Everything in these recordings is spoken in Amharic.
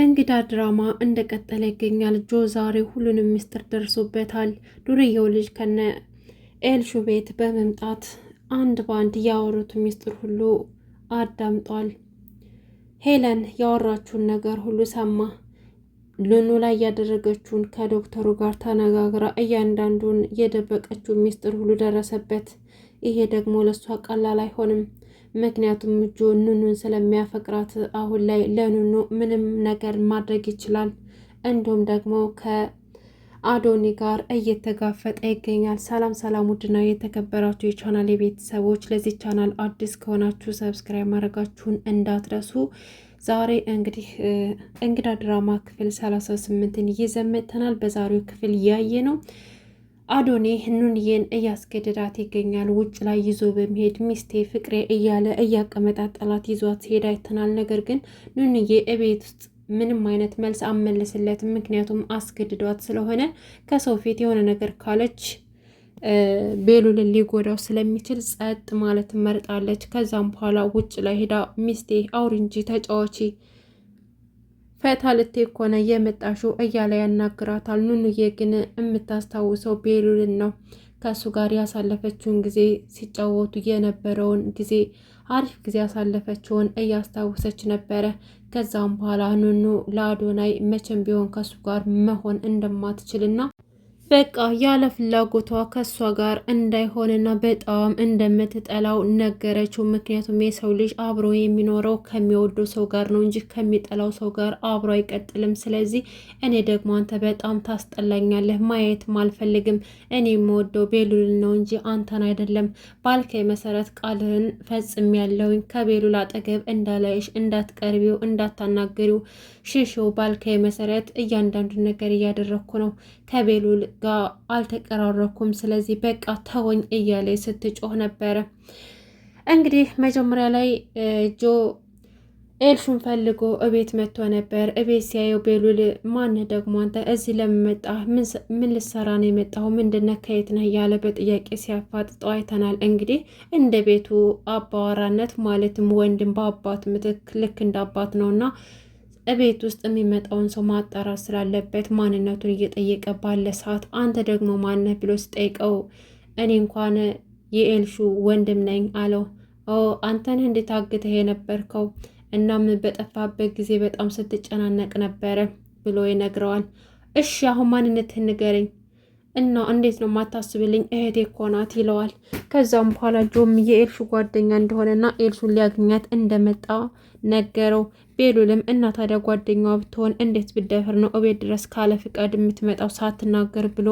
እንግዳ ድራማ እንደቀጠለ ይገኛል። ጆ ዛሬ ሁሉንም ምስጢር ደርሶበታል። ዱርየው ልጅ ከነ ኤልሹ ቤት በመምጣት አንድ በአንድ ያወሩት ምስጢር ሁሉ አዳምጧል። ሄለን ያወራችውን ነገር ሁሉ ሰማ። ልኑ ላይ ያደረገችውን ከዶክተሩ ጋር ተነጋግራ እያንዳንዱን የደበቀችው ምስጢር ሁሉ ደረሰበት። ይሄ ደግሞ ለእሷ ቀላል አይሆንም። ምክንያቱም እጆ ኑኑን ስለሚያፈቅራት አሁን ላይ ለኑኑ ምንም ነገር ማድረግ ይችላል። እንዲሁም ደግሞ ከአዶኒ ጋር እየተጋፈጠ ይገኛል። ሰላም ሰላም! ውድና የተከበራችሁ የቻናል የቤተሰቦች ለዚህ ቻናል አዲስ ከሆናችሁ ሰብስክራይብ ማድረጋችሁን እንዳትረሱ። ዛሬ እንግዲህ እንግዳ ድራማ ክፍል ሰላሳ ስምንትን ይዘን በዛሬው ክፍል ያየ ነው አዶኔ ኑንዬን እያስገደዳት ይገኛል። ውጭ ላይ ይዞ በመሄድ ሚስቴ ፍቅሬ እያለ እያቀመጣጠላት ይዟት ሲሄድ አይተናል። ነገር ግን ኑንዬ እቤት ውስጥ ምንም አይነት መልስ አመለስለትም። ምክንያቱም አስገድዷት ስለሆነ ከሰው ፊት የሆነ ነገር ካለች ቤሉልን ሊጎዳው ስለሚችል ጸጥ ማለት መርጣለች። ከዛም በኋላ ውጭ ላይ ሄዳ ሚስቴ አውሪ እንጂ ተጫዋቺ ፈታ ልቴ ኮነ የመጣሹ እያለ ያናግራታል። ኑኑዬ ግን የምታስታውሰው ቤሉልን ነው። ከእሱ ጋር ያሳለፈችውን ጊዜ ሲጫወቱ የነበረውን ጊዜ አሪፍ ጊዜ ያሳለፈችውን እያስታወሰች ነበረ። ከዛም በኋላ ኑኑ ለአዶናይ መቼም ቢሆን ከእሱ ጋር መሆን እንደማትችልና በቃ ያለ ፍላጎቷ ከእሷ ጋር እንዳይሆንና በጣም እንደምትጠላው ነገረችው። ምክንያቱም የሰው ልጅ አብሮ የሚኖረው ከሚወደው ሰው ጋር ነው እንጂ ከሚጠላው ሰው ጋር አብሮ አይቀጥልም። ስለዚህ እኔ ደግሞ አንተ በጣም ታስጠላኛለህ፣ ማየትም አልፈልግም። እኔ የምወደው ቤሉልን ነው እንጂ አንተን አይደለም። ባልከኝ መሰረት ቃልህን ያለውኝ ከቤሉል አጠገብ እንዳላይሽ፣ እንዳትቀርቢው፣ እንዳታናግሪው፣ ሽሽው ባልከኝ መሰረት እያንዳንዱን ነገር እያደረግኩ ነው ከቤሉል ጋር አልተቀራረኩም፣ ስለዚህ በቃ ተወኝ እያለ ስትጮህ ነበረ። እንግዲህ መጀመሪያ ላይ ጆ ኤልሹን ፈልጎ እቤት መጥቶ ነበር። እቤት ሲያየው ቤሉል ማን ደግሞ አንተ እዚህ ለመጣ ምን ልሰራ ነው የመጣው? ምንድነ ከየት ነህ? እያለ በጥያቄ ሲያፋጥጠው አይተናል። እንግዲህ እንደ ቤቱ አባዋራነት ማለትም ወንድም በአባት ምትክ ልክ እንደ አባት ነውና እቤት ውስጥ የሚመጣውን ሰው ማጣራት ስላለበት ማንነቱን እየጠየቀ ባለ ሰዓት አንተ ደግሞ ማንነት ብሎ ሲጠይቀው እኔ እንኳን የኤልሹ ወንድም ነኝ አለው። ኦ አንተን እንዴት አግተህ የነበርከው እናም በጠፋበት ጊዜ በጣም ስትጨናነቅ ነበረ ብሎ ይነግረዋል። እሺ አሁን ማንነትህን ንገረኝ እና እንዴት ነው ማታስብልኝ እህቴ እኮ ናት ይለዋል። ከዛም በኋላ ጆም የኤልሹ ጓደኛ እንደሆነና ኤልሹን ሊያገኛት እንደመጣ ነገረው። ቤሉልም እና ታዲያ ጓደኛዋ ብትሆን እንዴት ብደፍር ነው እቤት ድረስ ካለ ፍቃድ የምትመጣው ሳትናገር ብሎ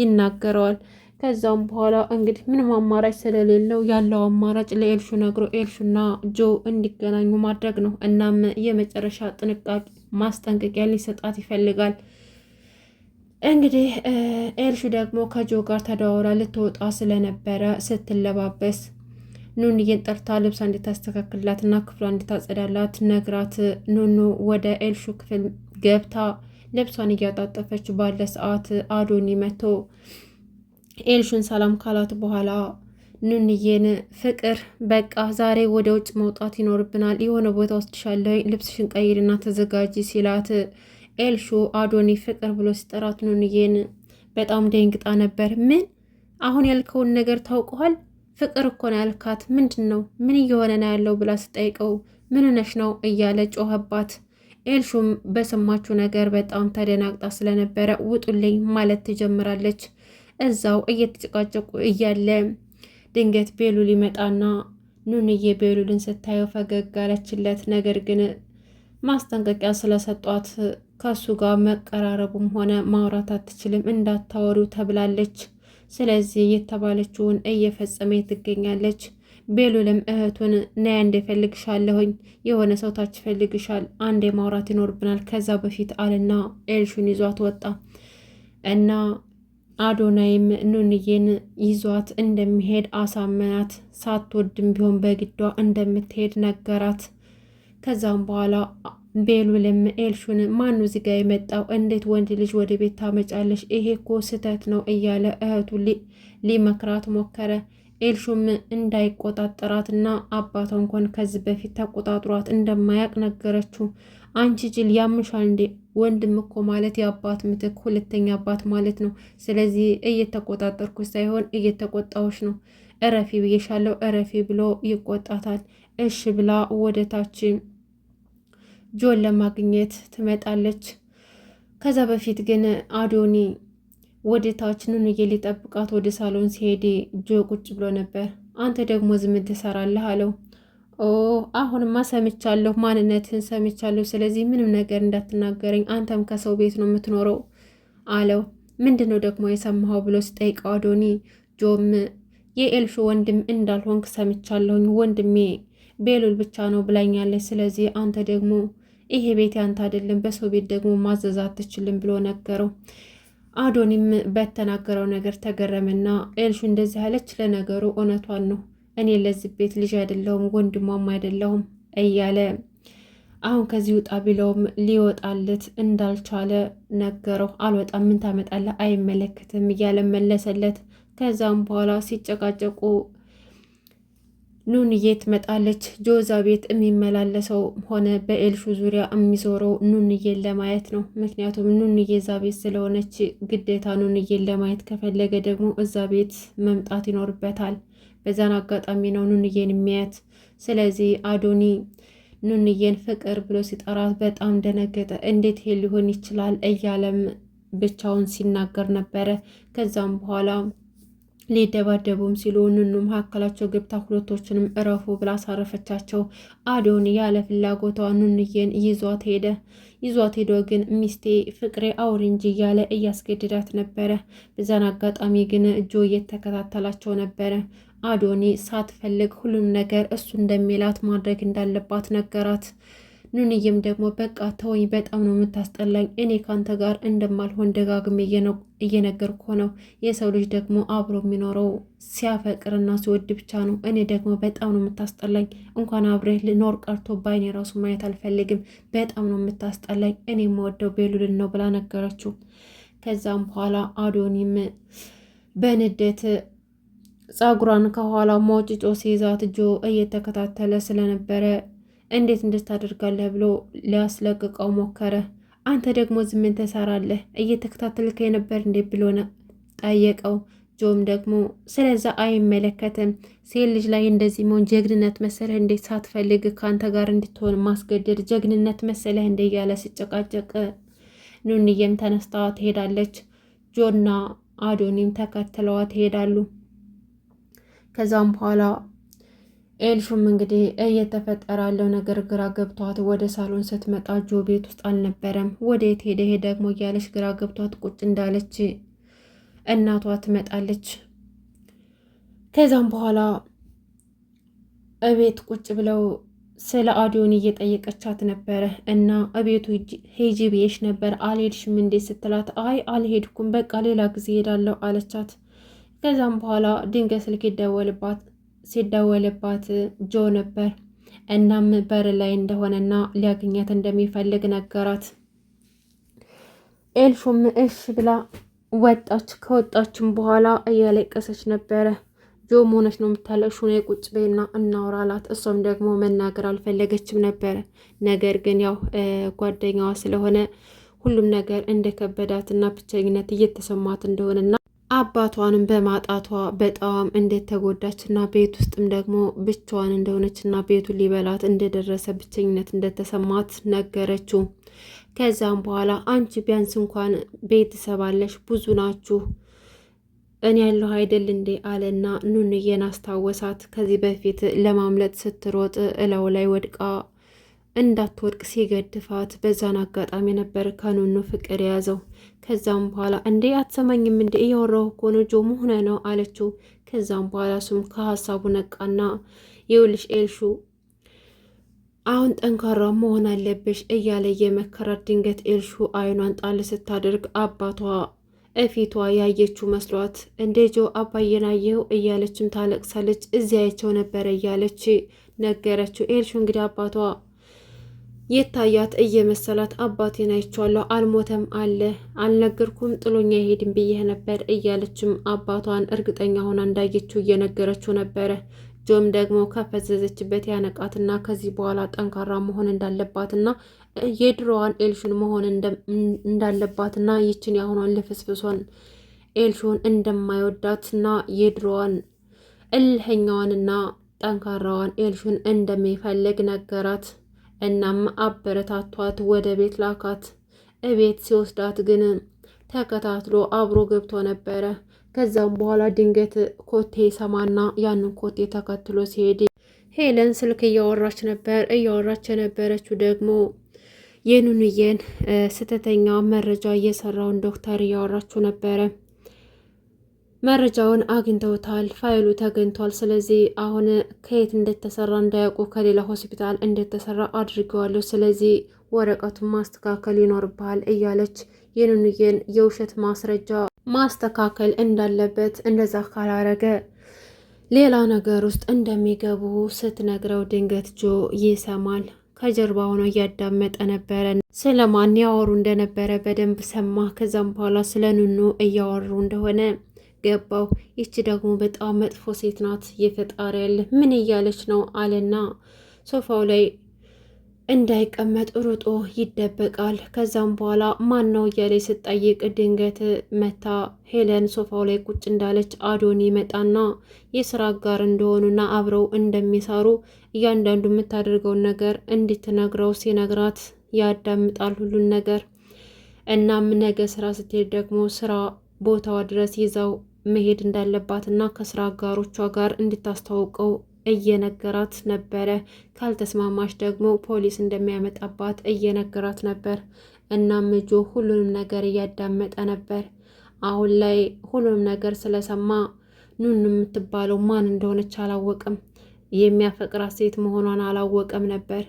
ይናገረዋል። ከዛም በኋላ እንግዲህ ምንም አማራጭ ስለሌለው ያለው አማራጭ ለኤልሹ ነግሮ ኤልሹና ጆ እንዲገናኙ ማድረግ ነው። እናም የመጨረሻ ጥንቃቄ ማስጠንቀቂያ ሊሰጣት ይፈልጋል። እንግዲህ ኤልሹ ደግሞ ከጆ ጋር ተደዋውራ ልትወጣ ስለነበረ ስትለባበስ ኑንዬን ጠርታ ልብሳ እንድታስተካክልላት እና ክፍሏ እንድታጸዳላት ነግራት ኑኑ ወደ ኤልሹ ክፍል ገብታ ልብሷን እያጣጠፈች ባለ ሰዓት አዶኒ መቶ ኤልሹን ሰላም ካላት በኋላ ኑንዬን ፍቅር በቃ ዛሬ ወደ ውጭ መውጣት ይኖርብናል፣ የሆነ ቦታ ወስድሻለሁ፣ ልብስሽን ቀይርና ተዘጋጂ ሲላት ኤልሹ አዶኒ ፍቅር ብሎ ሲጠራት ኑንዬን በጣም ደንግጣ ነበር። ምን አሁን ያልከውን ነገር ታውቀዋል? ፍቅር እኮ ነው ያልካት። ምንድን ነው ምን እየሆነ ነው ያለው ብላ ስጠይቀው ምን ነሽ ነው እያለ ጮኸባት። ኤልሹም በሰማችው ነገር በጣም ተደናግጣ ስለነበረ ውጡልኝ ማለት ትጀምራለች። እዛው እየተጨቃጨቁ እያለ ድንገት ቤሉል ይመጣና ኑንዬ ቤሉልን ስታየው ፈገግ አለችለት። ነገር ግን ማስጠንቀቂያ ስለሰጧት ከሱ ጋር መቀራረቡም ሆነ ማውራት አትችልም፣ እንዳታወሩ ተብላለች። ስለዚህ የተባለችውን እየፈጸመ ትገኛለች። ቤሉልም እህቱን ነያ እንደፈልግሻለሁኝ የሆነ ሰው ታች ፈልግሻል፣ አንዴ ማውራት ይኖርብናል ከዛ በፊት አልና ኤልሹን ይዟት ወጣ እና አዶናይም ኑንዬን ይዟት እንደሚሄድ አሳመናት። ሳትወድም ቢሆን በግዷ እንደምትሄድ ነገራት። ከዛም በኋላ ቤሉልም ኤልሹን ማኑ ዚጋ የመጣው እንዴት ወንድ ልጅ ወደ ቤት ታመጫለሽ? ይሄ እኮ ስህተት ነው እያለ እህቱ ሊመክራት ሞከረ። ኤልሹም እንዳይቆጣጠራትና አባቷ እንኳን ከዚህ በፊት ተቆጣጥሯት እንደማያቅ ነገረችው። አንቺ ጅል ያምሻል እንዴ? ወንድም እኮ ማለት የአባት ምትክ ሁለተኛ አባት ማለት ነው። ስለዚህ እየተቆጣጠርኩ ሳይሆን እየተቆጣዎች ነው። እረፊ ብየሻለው እረፊ ብሎ ይቆጣታል። እሽ ብላ ወደታችን ጆን ለማግኘት ትመጣለች። ከዛ በፊት ግን አዶኒ ወደ ታች ኑኑዬ ሊጠብቃት ወደ ሳሎን ሲሄድ ጆ ቁጭ ብሎ ነበር። አንተ ደግሞ ዝም ትሰራለህ አለው። ኦ አሁንማ ሰምቻለሁ፣ ማንነትን ሰምቻለሁ። ስለዚህ ምንም ነገር እንዳትናገረኝ፣ አንተም ከሰው ቤት ነው የምትኖረው አለው። ምንድን ነው ደግሞ የሰማኸው ብሎ ሲጠይቀው አዶኒ ጆም የኤልሹ ወንድም እንዳልሆንክ ሰምቻለሁኝ፣ ወንድሜ ቤሉል ብቻ ነው ብላኛለች። ስለዚህ አንተ ደግሞ ይሄ ቤት ያንተ አይደለም፣ በሰው ቤት ደግሞ ማዘዝ አትችልም ብሎ ነገረው። አዶኒም በተናገረው ነገር ተገረመና ኤልሹ እንደዚህ አለች፣ ለነገሩ እውነቷን ነው፣ እኔ ለዚህ ቤት ልጅ አይደለሁም ወንድሟም አይደለሁም እያለ አሁን ከዚህ ውጣ ቢለውም ሊወጣለት እንዳልቻለ ነገረው። አልወጣም፣ ምን ታመጣለህ? አይመለከትም እያለ መለሰለት። ከዛም በኋላ ሲጨቃጨቁ ኑንዬ ትመጣለች። ጆዛ ቤት የሚመላለሰው ሆነ በኤልሹ ዙሪያ የሚዞረው ኑንዬን ለማየት ነው። ምክንያቱም ኑንዬ እዛ ቤት ስለሆነች ግዴታ ኑንዬን ለማየት ከፈለገ ደግሞ እዛ ቤት መምጣት ይኖርበታል። በዛን አጋጣሚ ነው ኑንዬን የሚያያት። ስለዚህ አዶኒ ኑንዬን ፍቅር ብሎ ሲጠራት በጣም ደነገጠ። እንዴት ይሄ ሊሆን ይችላል እያለም ብቻውን ሲናገር ነበረ። ከዛም በኋላ ሊደባደቡም ሲሉ ንኑ መካከላቸው ገብታ ሁለቶችንም እረፉ ብላ አሳረፈቻቸው። አዶን ያለ ፍላጎቷ ኑንዬን ይዟት ሄደ። ይዟት ሄዶ ግን ሚስቴ ፍቅሬ አውሪ እንጂ እያለ እያስገድዳት ነበረ። በዛን አጋጣሚ ግን እጆ እየተከታተላቸው ነበረ። አዶኒ ሳትፈልግ ሁሉም ነገር እሱ እንደሚላት ማድረግ እንዳለባት ነገራት። ኑንዬም ደግሞ በቃ ተወኝ፣ በጣም ነው የምታስጠላኝ፣ እኔ ካንተ ጋር እንደማልሆን ደጋግሜ እየነገርኩ ነው። የሰው ልጅ ደግሞ አብሮ የሚኖረው ሲያፈቅርና ሲወድ ብቻ ነው። እኔ ደግሞ በጣም ነው የምታስጠላኝ። እንኳን አብሬ ልኖር ቀርቶ ባይኔ ራሱ ማየት አልፈልግም። በጣም ነው የምታስጠላኝ። እኔ የምወደው ቤሉልን ነው ብላ ነገረችው። ከዛም በኋላ አዶኒም በንዴት ጸጉሯን ከኋላ ሞጭጮ ሲይዛት ጆ እየተከታተለ ስለነበረ እንዴት እንድታደርጋለህ ብሎ ሊያስለቅቀው ሞከረ። አንተ ደግሞ ዝምን ምን ትሰራለህ? እየተከታተልክ የነበር እንዴት ብሎ ጠየቀው። ጆም ደግሞ ስለዛ አይመለከትም ሴት ልጅ ላይ እንደዚህ መሆን ጀግንነት መሰለህ እንዴት ሳትፈልግ ከአንተ ጋር እንድትሆን ማስገደድ ጀግንነት መሰለህ እንዴ? እያለ ሲጨቃጨቅ ኑንዬም ተነስታ ትሄዳለች። ጆና አዶኒም ተከትለዋ ትሄዳሉ። ከዛም በኋላ ኤልሹም እንግዲህ እየተፈጠረ ያለው ነገር ግራ ገብቷት ወደ ሳሎን ስትመጣ ጆ ቤት ውስጥ አልነበረም። ወዴት ሄደ ይሄ ደግሞ እያለች ግራ ገብቷት ቁጭ እንዳለች እናቷ ትመጣለች። ከዛም በኋላ እቤት ቁጭ ብለው ስለ አዲዮን እየጠየቀቻት ነበረ እና እቤቱ ሄጂ ብዬሽ ነበር አልሄድሽም እንዴት ስትላት፣ አይ አልሄድኩም በቃ ሌላ ጊዜ ሄዳለሁ አለቻት። ከዛም በኋላ ድንገት ስልክ ይደወልባት ሲደወልባት ጆ ነበር። እናም በር ላይ እንደሆነና ሊያገኛት እንደሚፈልግ ነገራት። ኤልሹም እሽ ብላ ወጣች። ከወጣችም በኋላ እያለቀሰች ነበረ። ጆ መሆነች ነው የምታለቅሹ ነው የቁጭ ቤና እናውራ አላት። እሷም ደግሞ መናገር አልፈለገችም ነበረ። ነገር ግን ያው ጓደኛዋ ስለሆነ ሁሉም ነገር እንደከበዳትና ብቸኝነት እየተሰማት እንደሆነና አባቷንም በማጣቷ በጣም እና ቤት ውስጥም ደግሞ ብቻዋን እንደሆነችና ቤቱን ሊበላት እንደደረሰ ብቸኝነት እንደተሰማት ነገረችው። ከዛም በኋላ አንቺ ቢያንስ እንኳን ቤተሰብ አለሽ፣ ብዙ ናችሁ፣ እኔ ያለሁ አይደል እንዴ አለና ኑንዬን አስታወሳት። ከዚህ በፊት ለማምለጥ ስትሮጥ እላው ላይ ወድቃ እንዳትወድቅ ሲገድፋት በዛን አጋጣሚ ነበር ከኑኑ ፍቅር የያዘው። ከዛም በኋላ እንዴ አትሰማኝም እንዴ እያወራሁ እኮ ነው መሆነ ነው አለችው። ከዛም በኋላ እሱም ከሀሳቡ ነቃና የውልሽ ኤልሹ አሁን ጠንካራ መሆን አለብሽ እያለ የመከራት ድንገት ኤልሹ አይኗን ጣል ስታደርግ አባቷ እፊቷ ያየችው መስሏት እንዴ ጆ አባዬን አየው እያለችም ታለቅሳለች። እዚያቸው ነበረ እያለች ነገረችው ኤልሹ እንግዲህ አባቷ የታያት እየመሰላት አባቴን አይቼዋለሁ፣ አልሞተም አለ አልነገርኩም፣ ጥሎኛ ሄድም ብዬ ነበር እያለችም አባቷን እርግጠኛ ሆና እንዳየችው እየነገረችው ነበረ። ጆም ደግሞ ከፈዘዘችበት ያነቃትና ከዚህ በኋላ ጠንካራ መሆን እንዳለባትና የድሮዋን ኤልሹን መሆን እንዳለባትና ይችን የአሁኗን ልፍስፍሶን ኤልሹን እንደማይወዳትና የድሮዋን እልህኛዋንና ጠንካራዋን ኤልሹን እንደሚፈልግ ነገራት። እናም አበረታቷት ወደ ቤት ላካት። እቤት ሲወስዳት ግን ተከታትሎ አብሮ ገብቶ ነበረ። ከዛም በኋላ ድንገት ኮቴ ሰማና ያንን ኮቴ ተከትሎ ሲሄድ ሄለን ስልክ እያወራች ነበር። እያወራች የነበረችው ደግሞ የኑንዬን ስተተኛ መረጃ እየሰራውን ዶክተር እያወራችው ነበረ። መረጃውን አግኝተውታል፣ ፋይሉ ተገኝቷል። ስለዚህ አሁን ከየት እንደተሰራ እንዳያውቁ ከሌላ ሆስፒታል እንደተሰራ አድርገዋለሁ። ስለዚህ ወረቀቱን ማስተካከል ይኖርብሃል እያለች የኑኑዬን የውሸት ማስረጃ ማስተካከል እንዳለበት እንደዛ ካላረገ ሌላ ነገር ውስጥ እንደሚገቡ ስትነግረው ድንገት ጆ ይሰማል። ከጀርባ ሆኖ እያዳመጠ ነበረ። ስለ ማን ያወሩ እንደነበረ በደንብ ሰማ። ከዛም በኋላ ስለ ኑኑ እያወሩ እንደሆነ ገባው። ይቺ ደግሞ በጣም መጥፎ ሴት ናት፣ የፈጣሪ ያለ ምን እያለች ነው አለና ሶፋው ላይ እንዳይቀመጥ ሩጦ ይደበቃል። ከዛም በኋላ ማን ነው እያለች ስትጠይቅ ድንገት መታ ሄለን ሶፋው ላይ ቁጭ እንዳለች አዶን ይመጣና የስራ አጋር እንደሆኑና አብረው እንደሚሰሩ እያንዳንዱ የምታደርገውን ነገር እንድትነግረው ሲነግራት ያዳምጣል ሁሉን ነገር። እናም ነገ ስራ ስትሄድ ደግሞ ስራ ቦታዋ ድረስ ይዛው መሄድ እንዳለባት እና ከስራ አጋሮቿ ጋር እንድታስተዋውቀው እየነገራት ነበረ። ካልተስማማች ደግሞ ፖሊስ እንደሚያመጣባት እየነገራት ነበር። እናም ጆ ሁሉንም ነገር እያዳመጠ ነበር። አሁን ላይ ሁሉንም ነገር ስለሰማ ኑን የምትባለው ማን እንደሆነች አላወቅም። የሚያፈቅራት ሴት መሆኗን አላወቀም ነበር።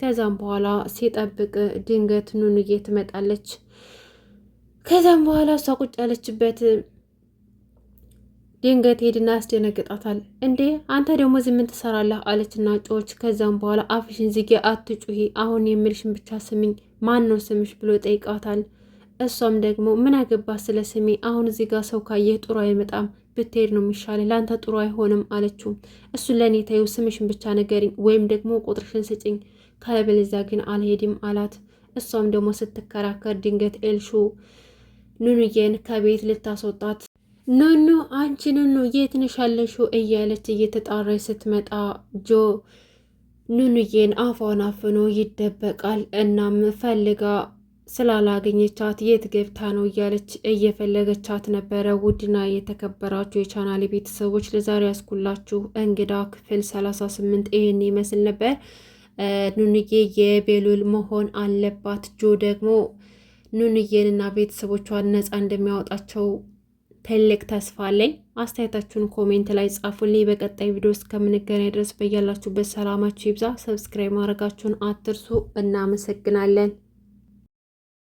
ከዛም በኋላ ሲጠብቅ ድንገት ኑንዬ ትመጣለች። ከዛም በኋላ እሷ ቁጭ ያለችበት ድንገት ሄድና ያስደነግጣታል። እንዴ አንተ ደግሞ እዚህ ምን ትሰራለህ? አለችና ጮች። ከዛም በኋላ አፍሽን ዝጌ አትጩሂ፣ አሁን የምልሽን ብቻ ስሚኝ፣ ማን ነው ስምሽ ብሎ ጠይቃታል። እሷም ደግሞ ምን አገባ ስለ ስሜ፣ አሁን እዚህ ጋር ሰው ካየህ ጥሩ አይመጣም፣ ብትሄድ ነው የሚሻለ ለአንተ ጥሩ አይሆንም አለችው። እሱን ለእኔ ተይው፣ ስምሽን ብቻ ንገሪኝ፣ ወይም ደግሞ ቁጥርሽን ስጭኝ፣ ካለበለዚያ ግን አልሄድም አላት። እሷም ደግሞ ስትከራከር ድንገት ኤልሹ ኑኑዬን ከቤት ልታስወጣት ኑኑ አንቺ ኑኑ የት ነሽ ያለሽው እያለች እየተጣራች ስትመጣ ጆ ኑኑዬን አፏን አፍኖ ይደበቃል። እናም ፈልጋ ስላላገኘቻት የት ገብታ ነው እያለች እየፈለገቻት ነበረ። ውድና የተከበራችሁ የቻናል ቤተሰቦች ለዛሬ ያስኩላችሁ እንግዳ ክፍል 38 ይህን ይመስል ነበር። ኑንዬ የቤሉል መሆን አለባት። ጆ ደግሞ ኑንዬንና ቤተሰቦቿን ነፃ እንደሚያወጣቸው ትልቅ ተስፋ አለኝ። አስተያየታችሁን ኮሜንት ላይ ጻፉልኝ። በቀጣይ ቪዲዮ እስከምንገናኝ ድረስ በያላችሁበት ሰላማችሁ ይብዛ። ሰብስክራይብ ማድረጋችሁን አትርሱ። እናመሰግናለን።